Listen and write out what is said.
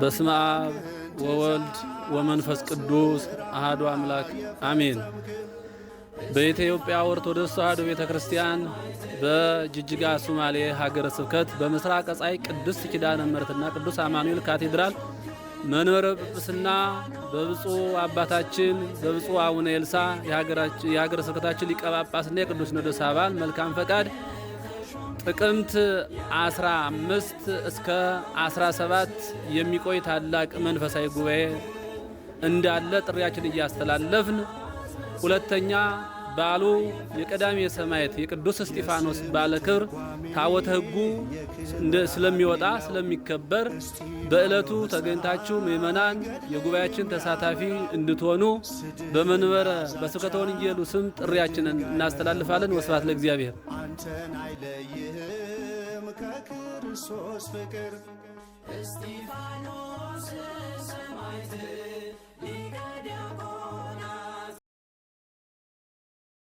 በስመ አብ ወወልድ ወመንፈስ ቅዱስ አሐዱ አምላክ አሜን። በኢትዮጵያ ኦርቶዶክስ ተዋሕዶ ቤተ ክርስቲያን በጅጅጋ ሶማሌ ሀገረ ስብከት በምስራቀ ጸሐይ ቅድስት ኪዳነ ምሕረትና ቅዱስ አማኑኤል ካቴድራል መንበረ ጵጵስና በብፁዕ አባታችን በብፁዕ አቡነ ኤልሳ የሀገረ ስብከታችን ሊቀ ጳጳስና የቅዱስ ሲኖዶስ አባል መልካም ፈቃድ ጥቅምት 15 እስከ 17 የሚቆይ ታላቅ መንፈሳዊ ጉባኤ እንዳለ ጥሪያችን እያስተላለፍን ሁለተኛ በዓሉ የቀዳሜ ሰማዕት የቅዱስ እስጢፋኖስ ባለ ክብር ታቦተ ሕጉ ስለሚወጣ ስለሚከበር በዕለቱ ተገኝታችሁ ምእመናን የጉባኤያችን ተሳታፊ እንድትሆኑ በመንበረ በስብከተ ወንጌሉ ስም ጥሪያችንን እናስተላልፋለን። ወስብሐት ለእግዚአብሔር። አንተን አይለይህም ከክርስቶስ ፍቅር እስጢፋኖስ